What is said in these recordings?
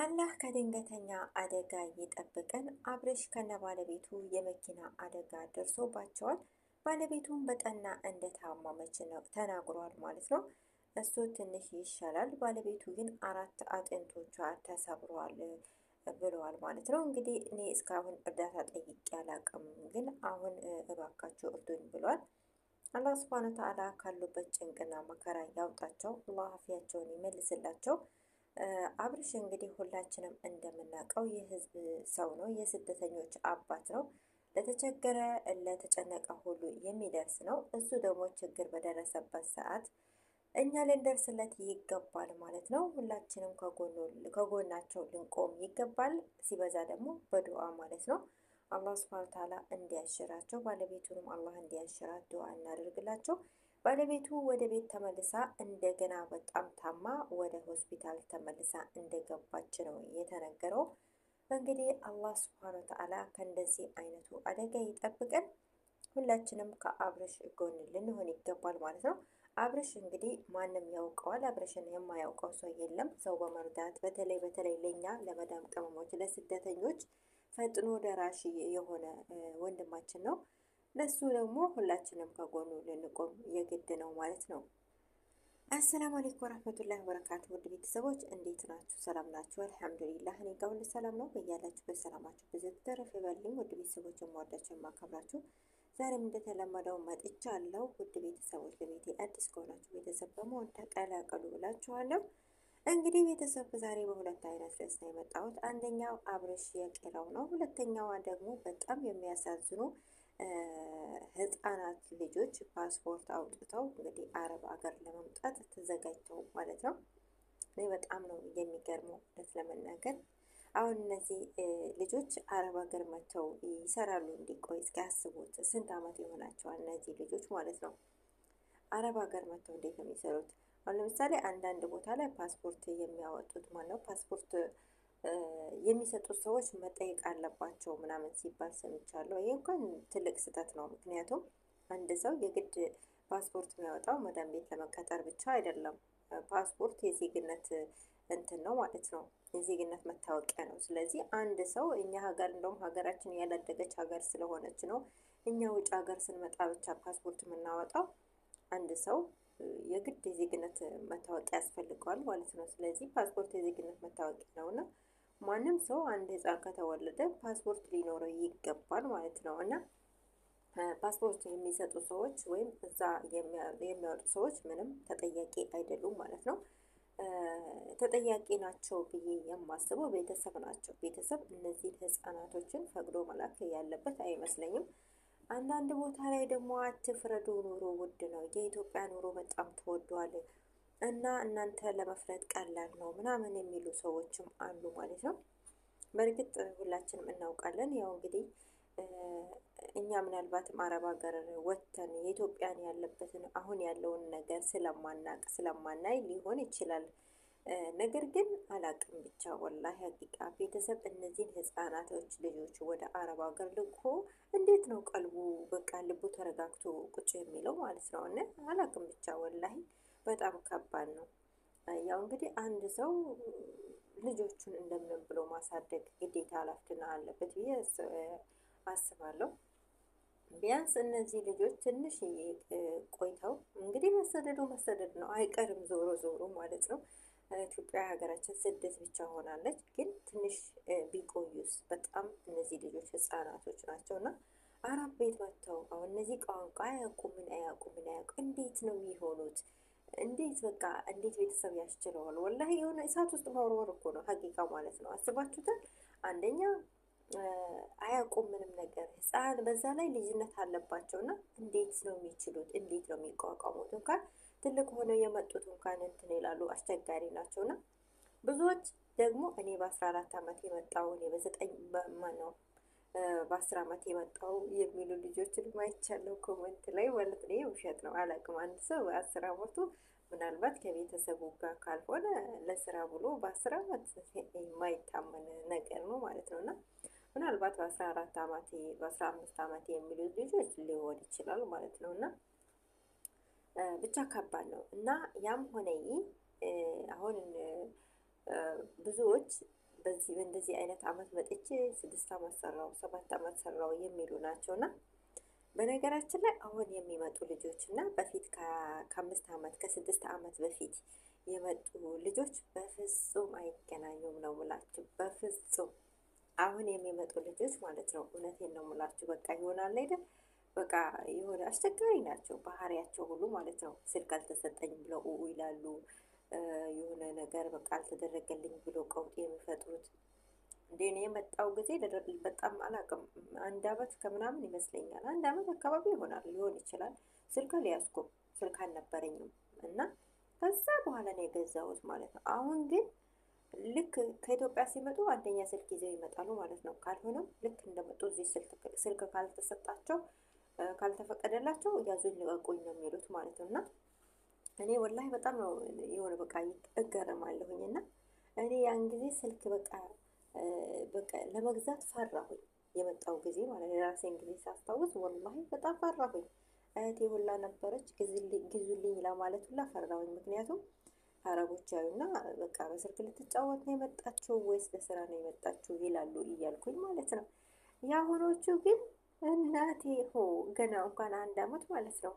አላህ ከድንገተኛ አደጋ ይጠብቀን። ከነ ባለቤቱ የመኪና አደጋ ደርሶባቸዋል። ባለቤቱም በጠና እንደታመመች ተናግሯል ማለት ነው። እሱ ትንሽ ይሻላል፣ ባለቤቱ ግን አራት አጥንቶቿ ተሰብሯል ብለዋል ማለት ነው። እንግዲህ እኔ እስካሁን እርዳታ ጠይቄ አላቅም፣ ግን አሁን እባካችሁ እርዱኝ ብሏል። አላህ ስብሃነ ተዓላ ካሉበት ጭንቅና መከራ ያውጣቸው፣ አላህ ይመልስላቸው። አብርሽ እንግዲህ ሁላችንም እንደምናውቀው የህዝብ ሰው ነው። የስደተኞች አባት ነው። ለተቸገረ ለተጨነቀ ሁሉ የሚደርስ ነው። እሱ ደግሞ ችግር በደረሰበት ሰዓት እኛ ልንደርስለት ይገባል ማለት ነው። ሁላችንም ከጎናቸው ልንቆም ይገባል። ሲበዛ ደግሞ በዱዓ ማለት ነው። አላህ ስብሃነ ተዓላ እንዲያሽራቸው ባለቤቱንም አላህ እንዲያሽራት ዱዓ እናደርግላቸው። ባለቤቱ ወደ ቤት ተመልሳ እንደገና በጣም ታማ ወደ ሆስፒታል ተመልሳ እንደገባች ነው የተነገረው። እንግዲህ አላህ ስብሐነ ወተዓላ ከእንደዚህ አይነቱ አደጋ ይጠብቀን። ሁላችንም ከአብርሽ ጎን ልንሆን ይገባል ማለት ነው። አብርሽ እንግዲህ ማንም ያውቀዋል። አብርሽን የማያውቀው ሰው የለም። ሰው በመርዳት በተለይ በተለይ ለኛ ለመዳም ቅመሞች፣ ለስደተኞች ፈጥኖ ደራሽ የሆነ ወንድማችን ነው። ለሱ ደግሞ ሁላችንም ከጎኑ ልንቆም የግድ ነው ማለት ነው። አሰላሙ አለይኩም ወራህመቱላሂ ወበረካቱ ውድ ቤተሰቦች እንዴት ናችሁ? ሰላም ናችሁ? አልሐምዱሊላህ እኔ ጋር ሁሉ ሰላም ነው። በያላችሁበት በሰላማችሁ ብዙ ተረፍ ይበልኝ። ውድ ቤተሰቦች የማወዳቸው የማከብራችሁ ዛሬም እንደተለመደው መጥቻለሁ። ውድ ቤተሰቦች ለቤቴ አዲስ ከሆናችሁ ቤተሰብ በመሆን ተቀላቀሉ ብላችኋለሁ። እንግዲህ ቤተሰብ ዛሬ በሁለት አይነት ርዕስ ነው የመጣሁት። አንደኛው አብርሽ የቄራው ነው። ሁለተኛዋ ደግሞ በጣም የሚያሳዝኑ ህፃናት ልጆች ፓስፖርት አውጥተው እንግዲህ አረብ ሀገር ለመምጣት ተዘጋጅተው ማለት ነው። እኔ በጣም ነው የሚገርመው እውነት ለመናገር አሁን እነዚህ ልጆች አረብ ሀገር መጥተው ይሰራሉ እንዲቆይ እስኪ ያስቡት። ስንት አመት ይሆናቸዋል እነዚህ ልጆች ማለት ነው። አረብ ሀገር መጥተው እንዴት ነው የሚሰሩት? አሁን ለምሳሌ አንዳንድ ቦታ ላይ ፓስፖርት የሚያወጡት ማለት ነው ፓስፖርት የሚሰጡት ሰዎች መጠየቅ አለባቸው ምናምን ሲባል ሰምቻለሁ። ይህ እንኳን ትልቅ ስህተት ነው። ምክንያቱም አንድ ሰው የግድ ፓስፖርት የሚያወጣው መዳን ቤት ለመቀጠር ብቻ አይደለም። ፓስፖርት የዜግነት እንትን ነው ማለት ነው። የዜግነት መታወቂያ ነው። ስለዚህ አንድ ሰው እኛ ሀገር እንደውም ሀገራችን ያላደገች ሀገር ስለሆነች ነው እኛ ውጭ ሀገር ስንመጣ ብቻ ፓስፖርት የምናወጣው። አንድ ሰው የግድ የዜግነት መታወቂያ ያስፈልገዋል ማለት ነው። ስለዚህ ፓስፖርት የዜግነት መታወቂያ ነውና ማንም ሰው አንድ ህፃን ከተወለደ ፓስፖርት ሊኖረው ይገባል ማለት ነው እና ፓስፖርት የሚሰጡ ሰዎች ወይም እዛ የሚያወጡ ሰዎች ምንም ተጠያቂ አይደሉም ማለት ነው። ተጠያቂ ናቸው ብዬ የማስበው ቤተሰብ ናቸው። ቤተሰብ እነዚህ ህፃናቶችን ፈቅዶ መላክ ያለበት አይመስለኝም። አንዳንድ ቦታ ላይ ደግሞ አትፍረዱ፣ ኑሮ ውድ ነው፣ የኢትዮጵያ ኑሮ በጣም ተወዷል እና እናንተ ለመፍረድ ቀላል ነው ምናምን የሚሉ ሰዎችም አሉ ማለት ነው። በእርግጥ ሁላችንም እናውቃለን። ያው እንግዲህ እኛ ምናልባትም አረብ ሀገር ወጥተን የኢትዮጵያን ያለበትን አሁን ያለውን ነገር ስለማናቅ ስለማናይ ሊሆን ይችላል። ነገር ግን አላቅም ብቻ ወላ ሀቂቃ ቤተሰብ እነዚህን ህጻናቶች ልጆች ወደ አረብ ሀገር ልኮ እንዴት ነው ቀልቡ በቃ ልቡ ተረጋግቶ ቁጭ የሚለው ማለት ነው። እና አላቅም ብቻ ወላ በጣም ከባድ ነው። ያው እንግዲህ አንድ ሰው ልጆቹን እንደምንም ብሎ ማሳደግ ግዴታ ኃላፊነት አለበት ብዬ አስባለሁ። ቢያንስ እነዚህ ልጆች ትንሽ ቆይተው እንግዲህ መሰደዱ መሰደድ ነው አይቀርም፣ ዞሮ ዞሮ ማለት ነው። ኢትዮጵያ ሀገራችን ስደት ብቻ ሆናለች። ግን ትንሽ ቢቆዩስ በጣም እነዚህ ልጆች ህጻናቶች ናቸው እና አራት ቤት መጥተው አሁን እነዚህ ቋንቋ አያውቁ ምን አያውቁ ምን አያውቁ እንዴት ነው የሚሆኑት? እንዴት በቃ እንዴት ቤተሰብ ያስችለዋል? ወላሂ የሆነ እሳት ውስጥ መወርወር እኮ ነው ሀቂቃ ማለት ነው። አስባችሁታል? አንደኛ አያውቁም ምንም ነገር ህፃን፣ በዛ ላይ ልጅነት አለባቸውና እንዴት ነው የሚችሉት? እንዴት ነው የሚቋቋሙት? እንኳን ትልቅ ሆነው የመጡት እንኳን እንትን ይላሉ፣ አስቸጋሪ ናቸውና ብዙዎች ደግሞ እኔ በአስራ አራት ዓመት የመጣው እኔ በዘጠኝ በአስር ዓመት የመጣው የሚሉ ልጆችን ማይቻለው ኮመንት ላይ ማለት ነው። ውሸት ነው አላቅም። አንድ ሰው በአስር ዓመቱ ምናልባት ከቤተሰቡ ጋር ካልሆነ ለስራ ብሎ በአስር ዓመት የማይታመን ነገር ነው ማለት ነው እና ምናልባት በአስራ አራት ዓመት በአስራ አምስት ዓመት የሚሉ ልጆች ሊሆን ይችላል ማለት ነው እና ብቻ ከባድ ነው እና ያም ሆነ አሁን ብዙዎች በዚህ በእንደዚህ አይነት አመት መጥቼ ስድስት አመት ሰራው ሰባት አመት ሰራው የሚሉ ናቸው እና በነገራችን ላይ አሁን የሚመጡ ልጆች እና በፊት ከአምስት አመት ከስድስት አመት በፊት የመጡ ልጆች በፍጹም አይገናኙም ነው ሙላችሁ። በፍጹም አሁን የሚመጡ ልጆች ማለት ነው። እውነቴን ነው ምላችሁ በቃ ይሆናል አይደል? በቃ የሆነ አስቸጋሪ ናቸው ባህሪያቸው ሁሉ ማለት ነው። ስልክ አልተሰጠኝ ብለው ይላሉ። የሆነ ነገር በቃ አልተደረገልኝ ብሎ ቀውጤ የሚፈጥሩት እንደ እኔ የመጣው ጊዜ በጣም አላውቅም፣ አንድ አመት ከምናምን ይመስለኛል። አንድ አመት አካባቢ ይሆናል ሊሆን ይችላል። ስልክ አልያዝኩም፣ ስልክ አልነበረኝም እና ከዛ በኋላ ነው የገዛሁት ማለት ነው። አሁን ግን ልክ ከኢትዮጵያ ሲመጡ አንደኛ ስልክ ይዘው ይመጣሉ ማለት ነው። ካልሆነም ልክ እንደመጡ እዚህ ስልክ ካልተሰጣቸው ካልተፈቀደላቸው ያዙኝ ልቀቁኝ ነው የሚሉት ማለት ነው እና እኔ ወላሂ በጣም ነው የሆነ በቃ እገረማለሁኝ። እና እኔ ያን ጊዜ ስልክ በቃ በቃ ለመግዛት ፈራሁኝ። የመጣው ጊዜ ማለት የራሴን ጊዜ ሳስታውስ ወላሂ በጣም ፈራሁኝ። እህቴ ሁላ ነበረች ግዙልኝ ለማለት ሁላ ፈራሁኝ። ምክንያቱም አረቦች ያዩና በቃ በስልክ ልትጫወት ነው የመጣችው ወይስ ለስራ ነው የመጣችው ይላሉ እያልኩኝ ማለት ነው። የአሁኖቹ ግን እናቴ ሆ ገና እንኳን አንድ አመት ማለት ነው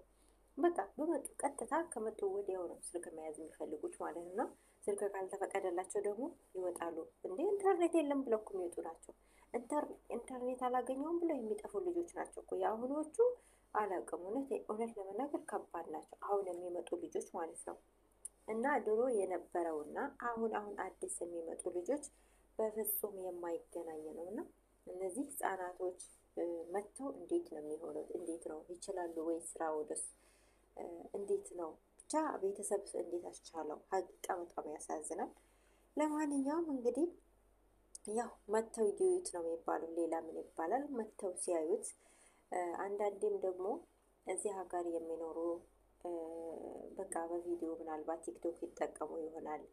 በቃ በመጡ ቀጥታ ከመጡ ወዲያው ነው ስልክ መያዝ የሚፈልጉት ማለት ነው። ስልክ ካልተፈቀደላቸው ደግሞ ይወጣሉ። እንዴ ኢንተርኔት የለም ብለው እኮ የሚወጡ ናቸው። ኢንተርኔት አላገኘውም ብለው የሚጠፉ ልጆች ናቸው እኮ የአሁኖቹ። አላውቅም እውነት እውነት ለመናገር ከባድ ናቸው አሁን የሚመጡ ልጆች ማለት ነው። እና ድሮ የነበረውና አሁን አሁን አዲስ የሚመጡ ልጆች በፍጹም የማይገናኝ ነው እና እነዚህ ህጻናቶች መጥተው እንዴት ነው የሚሆኑት? እንዴት ነው ይችላሉ ወይ ስራ ወደስ እንዴት ነው ብቻ ቤተሰብ እንዴት አስቻለው? ሀቂቃ በጣም ያሳዝናል። ለማንኛውም እንግዲህ ያው መተው እዩት ነው የሚባለው። ሌላ ምን ይባላል? መተው ሲያዩት አንዳንዴም ደግሞ እዚህ ሀገር የሚኖሩ በቃ በቪዲዮ ምናልባት ቲክቶክ ይጠቀሙ ይሆናል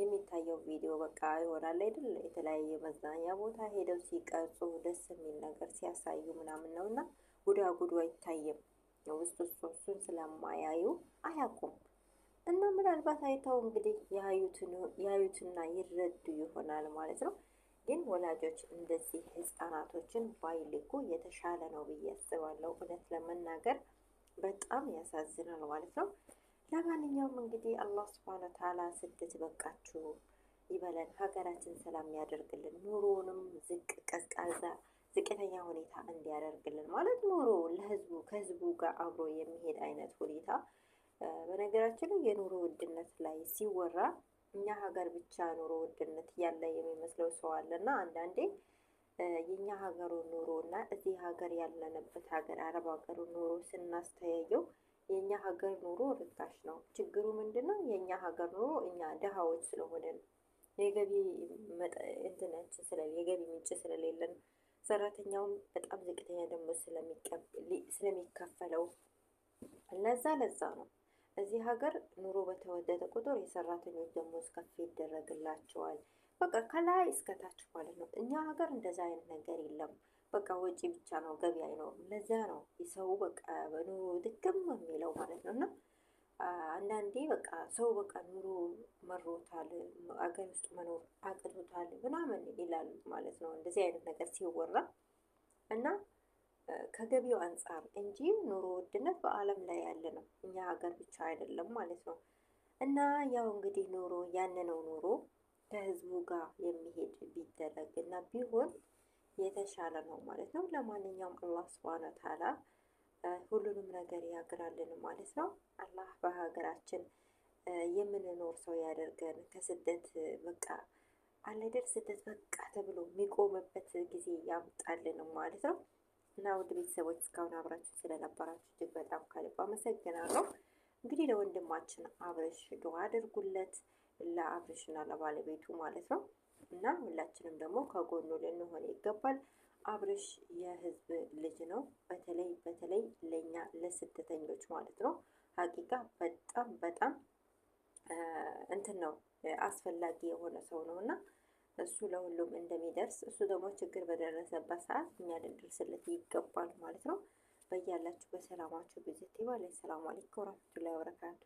የሚታየው ቪዲዮ በቃ ይሆናል አይደል? የተለያየ መዝናኛ ቦታ ሄደው ሲቀርጹ ደስ የሚል ነገር ሲያሳዩ ምናምን ነው እና ጉዳጉዱ አይታይም። ነው። ውስጥ እሱን ስለማያዩ አያውቁም። እና ምናልባት አይተው እንግዲህ ያዩትና ይረዱ ይሆናል ማለት ነው። ግን ወላጆች እንደዚህ ህጻናቶችን ባይልኩ የተሻለ ነው ብዬ አስባለሁ። እውነት ለመናገር በጣም ያሳዝናል ማለት ነው። ለማንኛውም እንግዲህ አላህ ስብሃነ ወተዓላ ስደት በቃችሁ ይበለን፣ ሀገራችን ሰላም ያደርግልን፣ ኑሮውንም ዝቅ ቀዝቃዛ ዝቅተኛ ሁኔታ እንዲያደርግልን ማለት ኑሮ ለህዝቡ ከህዝቡ ጋር አብሮ የሚሄድ አይነት ሁኔታ። በነገራችን ላይ የኑሮ ውድነት ላይ ሲወራ እኛ ሀገር ብቻ ኑሮ ውድነት ያለ የሚመስለው ሰው አለ እና አንዳንዴ የእኛ ሀገሩ ኑሮ እና እዚህ ሀገር ያለንበት ሀገር አረብ ሀገሩ ኑሮ ስናስተያየው የእኛ ሀገር ኑሮ ርካሽ ነው። ችግሩ ምንድን ነው? የእኛ ሀገር ኑሮ እኛ ድሃዎች ስለሆነ የገቢ እንትን የገቢ ምንጭ ስለሌለን ሰራተኛውም በጣም ዝቅተኛ ደግሞ ስለሚከፈለው ለዛ ለዛ ነው እዚህ ሀገር ኑሮ በተወደደ ቁጥር የሰራተኞች ደሞዝ ከፍ ይደረግላቸዋል። በቃ ከላይ እስከታች ማለት ነው። እኛ ሀገር እንደዛ አይነት ነገር የለም። በቃ ወጪ ብቻ ነው፣ ገቢ አይኖርም። ለዛ ነው የሰው በቃ በኑሮ ድክም የሚለው ማለት ነው እና አንዳንዴ በቃ ሰው በቃ ኑሮ መሮታል፣ አገር ውስጥ መኖር አቅቶታል ምናምን ይላል ማለት ነው። እንደዚህ አይነት ነገር ሲወራ እና ከገቢው አንጻር እንጂ ኑሮ ውድነት በዓለም ላይ ያለ ነው፣ እኛ ሀገር ብቻ አይደለም ማለት ነው። እና ያው እንግዲህ ኑሮ ያንነው ኑሮ ከህዝቡ ጋር የሚሄድ ቢደረግ እና ቢሆን የተሻለ ነው ማለት ነው። ለማንኛውም አላህ ስብሃነ ወተዓላ ሁሉንም ነገር ያግራልን ማለት ነው። አላህ በሀገራችን የምንኖር ሰው ያደርገን። ከስደት በቃ አለደር ስደት በቃ ተብሎ የሚቆምበት ጊዜ ያምጣልን ማለት ነው። እና ውድ ቤተሰቦች እስካሁን አብራችሁ ስለነበራችሁ እጅግ በጣም ከልብ አመሰግናለሁ። እንግዲህ ለወንድማችን አብረሽ ዱዓ አድርጉለት ለአብረሽና ለባለቤቱ ማለት ነው። እና ሁላችንም ደግሞ ከጎኑ ልንሆን ይገባል። አብርሽ የህዝብ ልጅ ነው። በተለይ በተለይ ለእኛ ለስደተኞች ማለት ነው። ሀቂቃ በጣም በጣም እንትን ነው አስፈላጊ የሆነ ሰው ነው እና እሱ ለሁሉም እንደሚደርስ እሱ ደግሞ ችግር በደረሰበት ሰዓት እኛ ልንደርስለት ይገባል ማለት ነው። በያላችሁ በሰላማችሁ ጊዜ ይባል። ሰላም አለይኩም ወረህመቱላሂ ወበረካቱ